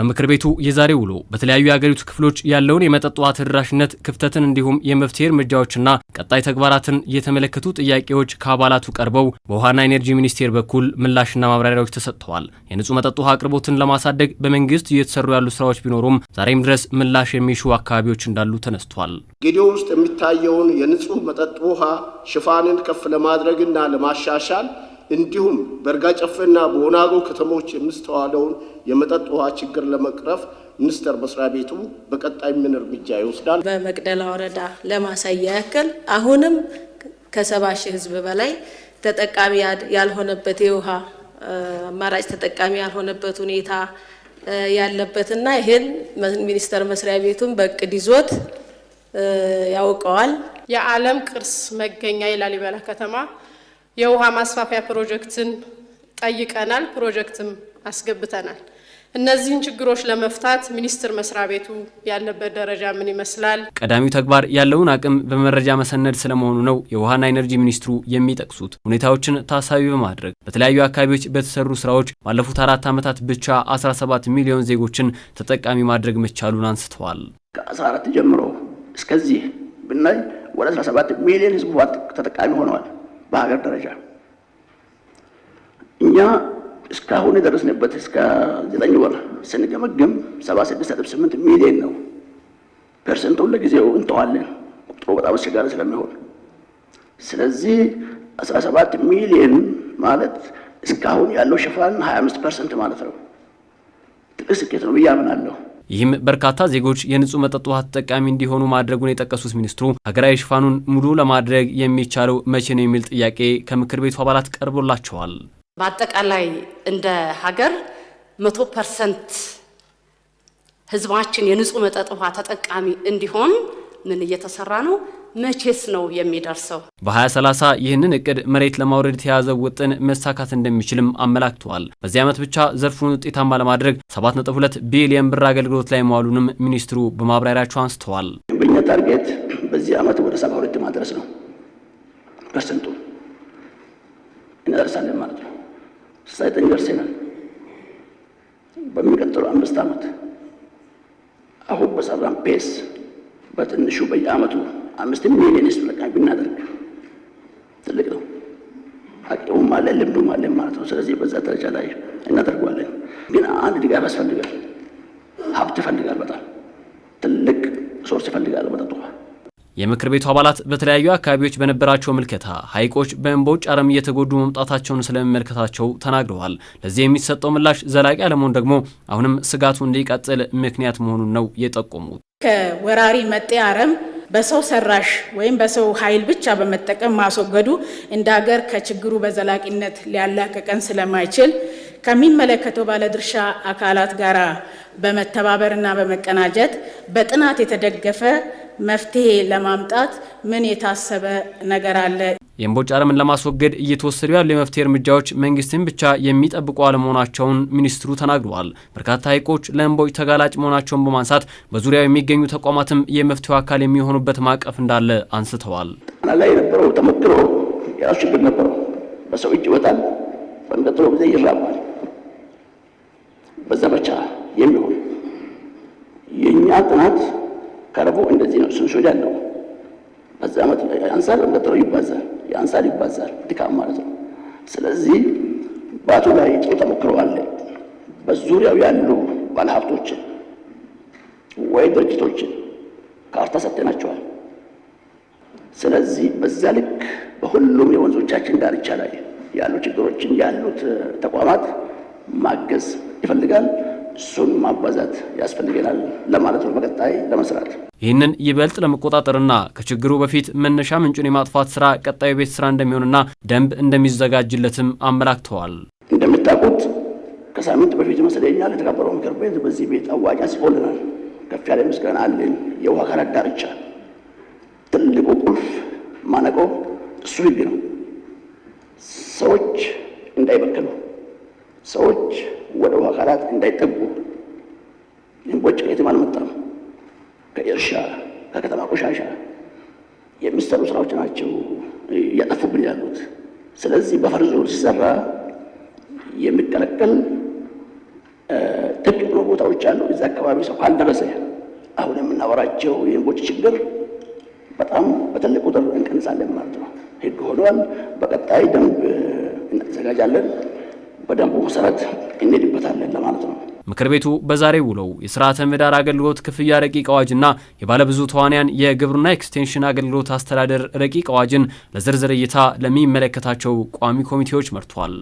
በምክር ቤቱ የዛሬ ውሎ በተለያዩ የአገሪቱ ክፍሎች ያለውን የመጠጥ ውሃ ተደራሽነት ክፍተትን እንዲሁም የመፍትሄ እርምጃዎችና ቀጣይ ተግባራትን የተመለከቱ ጥያቄዎች ከአባላቱ ቀርበው በውሃና ኤኔርጂ ሚኒስቴር በኩል ምላሽና ማብራሪያዎች ተሰጥተዋል። የንጹህ መጠጥ ውሃ አቅርቦትን ለማሳደግ በመንግስት እየተሰሩ ያሉ ስራዎች ቢኖሩም ዛሬም ድረስ ምላሽ የሚሹ አካባቢዎች እንዳሉ ተነስቷል። ጌዲዮ ውስጥ የሚታየውን የንጹህ መጠጥ ውሃ ሽፋንን ከፍ ለማድረግና ለማሻሻል እንዲሁም በርጋ ጨፌና በወናጎ ከተሞች የሚስተዋለውን የመጠጥ ውሃ ችግር ለመቅረፍ ሚኒስቴር መስሪያ ቤቱ በቀጣይ ምን እርምጃ ይወስዳል? በመቅደላ ወረዳ ለማሳያ ያክል አሁንም ከሰባ ሺህ ህዝብ በላይ ተጠቃሚ ያልሆነበት የውሃ አማራጭ ተጠቃሚ ያልሆነበት ሁኔታ ያለበትና ይህን ሚኒስቴር መስሪያ ቤቱን በእቅድ ይዞት ያውቀዋል። የዓለም ቅርስ መገኛ የላሊበላ ከተማ የውሃ ማስፋፊያ ፕሮጀክትን ጠይቀናል። ፕሮጀክትም አስገብተናል። እነዚህን ችግሮች ለመፍታት ሚኒስቴር መስሪያ ቤቱ ያለበት ደረጃ ምን ይመስላል? ቀዳሚው ተግባር ያለውን አቅም በመረጃ መሰነድ ስለመሆኑ ነው የውሃና ኤነርጂ ሚኒስትሩ የሚጠቅሱት። ሁኔታዎችን ታሳቢ በማድረግ በተለያዩ አካባቢዎች በተሰሩ ስራዎች ባለፉት አራት ዓመታት ብቻ 17 ሚሊዮን ዜጎችን ተጠቃሚ ማድረግ መቻሉን አንስተዋል። ከ14 ጀምሮ እስከዚህ ብናይ ወደ 17 ሚሊዮን ህዝቡ ተጠቃሚ ሆነዋል። በሀገር ደረጃ እኛ እስካሁን የደረስንበት እስከ ዘጠኝ ወር ስንገመግም ሰባ ስድስት ነጥብ ስምንት ሚሊዮን ነው። ፐርሰንቱን ለጊዜው እንተዋለን፣ ቁጥሩ በጣም አስቸጋሪ ስለሚሆን። ስለዚህ አስራ ሰባት ሚሊዮን ማለት እስካሁን ያለው ሽፋን ሀያ አምስት ፐርሰንት ማለት ነው። ትልቅ ስኬት ነው ብዬ አምናለሁ። ይህም በርካታ ዜጎች የንጹህ መጠጥ ውሃ ተጠቃሚ እንዲሆኑ ማድረጉን የጠቀሱት ሚኒስትሩ ሀገራዊ ሽፋኑን ሙሉ ለማድረግ የሚቻለው መቼ ነው የሚል ጥያቄ ከምክር ቤቱ አባላት ቀርቦላቸዋል። በአጠቃላይ እንደ ሀገር መቶ ፐርሰንት ህዝባችን የንጹህ መጠጥ ውሃ ተጠቃሚ እንዲሆን ምን እየተሰራ ነው? መቼስ ነው የሚደርሰው? በ2030 ይህንን እቅድ መሬት ለማውረድ የተያዘ ውጥን መሳካት እንደሚችልም አመላክተዋል። በዚህ ዓመት ብቻ ዘርፉን ውጤታማ ለማድረግ 7.2 ቢሊየን ብር አገልግሎት ላይ መዋሉንም ሚኒስትሩ በማብራሪያቸው አንስተዋል። በእኛ ታርጌት በዚህ ዓመት ወደ 72 ማድረስ ነው። ፐርሰንቱ እንደርሳለን ማለት ነው። ስሳይጠኝ ደርሰናል። በሚቀጥሉ አምስት ዓመት አሁን በሰራን ፔስ በትንሹ በየአመቱ አምስት ሚሊዮን ህዝብ ተጠቃሚ ብናደርግ ትልቅ ነው። አቅሙም አለ፣ ልምዱም አለ ማለት ነው። ስለዚህ በዛ ደረጃ ላይ እናደርገዋለን። ግን አንድ ድጋፍ ያስፈልጋል። ሀብት ይፈልጋል። በጣም ትልቅ ሶርስ ይፈልጋል መጠጡ የምክር ቤቱ አባላት በተለያዩ አካባቢዎች በነበራቸው ምልከታ ሐይቆች በእንቦጭ አረም እየተጎዱ መምጣታቸውን ስለመመልከታቸው ተናግረዋል። ለዚህ የሚሰጠው ምላሽ ዘላቂ አለመሆን ደግሞ አሁንም ስጋቱ እንዲቀጥል ምክንያት መሆኑን ነው የጠቆሙት። ከወራሪ መጤ አረም በሰው ሰራሽ ወይም በሰው ኃይል ብቻ በመጠቀም ማስወገዱ እንደ ሀገር ከችግሩ በዘላቂነት ሊያላቀቀን ስለማይችል ከሚመለከተው ባለድርሻ አካላት ጋር በመተባበርና በመቀናጀት በጥናት የተደገፈ መፍትሄ ለማምጣት ምን የታሰበ ነገር አለ? የእምቦጭ አረምን ለማስወገድ እየተወሰዱ ያሉ የመፍትሄ እርምጃዎች መንግስትን ብቻ የሚጠብቁ አለመሆናቸውን ሚኒስትሩ ተናግረዋል። በርካታ ሐይቆች ለእምቦጭ ተጋላጭ መሆናቸውን በማንሳት በዙሪያው የሚገኙ ተቋማትም የመፍትሄው አካል የሚሆኑበት ማዕቀፍ እንዳለ አንስተዋል። ጣና ላይ የነበረው ተመክሮ የራሱ ችግር ነበረው። በሰው እጅ ይወጣል፣ በሚቀጥለው ጊዜ ይራባል። በዘመቻ የሚሆን የእኛ ጥናት ቀረበው እንደዚህ ነው። ስንሾዳ ነው በዛ ዓመት አንሳር ይባዛል፣ ያንሳል፣ ይባዛል ድካም ማለት ነው። ስለዚህ ባቱ ላይ ጥሩ ተሞክሮ አለ። በዙሪያው ያሉ ባለሀብቶችን ወይ ድርጅቶችን ካርታ ሰጥተናቸዋል። ስለዚህ በዛ ልክ በሁሉም የወንዞቻችን ዳርቻ ላይ ያሉ ችግሮችን ያሉት ተቋማት ማገዝ ይፈልጋል። እሱን ማባዛት ያስፈልገናል ለማለት ነው። በቀጣይ ለመስራት ይህንን ይበልጥ ለመቆጣጠርና ከችግሩ በፊት መነሻ ምንጩን የማጥፋት ስራ ቀጣዩ ቤት ስራ እንደሚሆንና ደንብ እንደሚዘጋጅለትም አመላክተዋል። እንደምታውቁት ከሳምንት በፊት ይመስለኛል የተከበረው ምክር ቤት በዚህ ቤት አዋጅ አስፎልናል። ከፍ ያለ ምስጋና አለን። የውሃ አካላት ዳርቻ ትልቁ ቁልፍ ማነቆ እሱ ህግ ነው። ሰዎች እንዳይበክሉ ሰዎች ወደ ውሃ አካላት እንዳይጠጉ ቦጭ ከየትም አልመጣም። ከእርሻ ከከተማ ቆሻሻ የሚሰሩ ስራዎች ናቸው እያጠፉብን ያሉት። ስለዚህ በፈርዙ ሲሰራ የሚቀለቀል ጥቂት ቦታዎች አሉ። እዚ አካባቢ ሰው ካልደረሰ አሁን የምናወራቸው የእንቦጭ ችግር በጣም በትልቅ ቁጥር እንቀንሳለን ማለት ነው። ህግ ሆኗል። በቀጣይ ደንብ እናዘጋጃለን። በደንቡ መሰረት እንሄድበታለን ለማለት ነው። ምክር ቤቱ በዛሬ ውለው የስርዓተ ምህዳር አገልግሎት ክፍያ ረቂቅ አዋጅና የባለብዙ ተዋንያን የግብርና ኤክስቴንሽን አገልግሎት አስተዳደር ረቂቅ አዋጅን ለዝርዝር እይታ ለሚመለከታቸው ቋሚ ኮሚቴዎች መርቷል።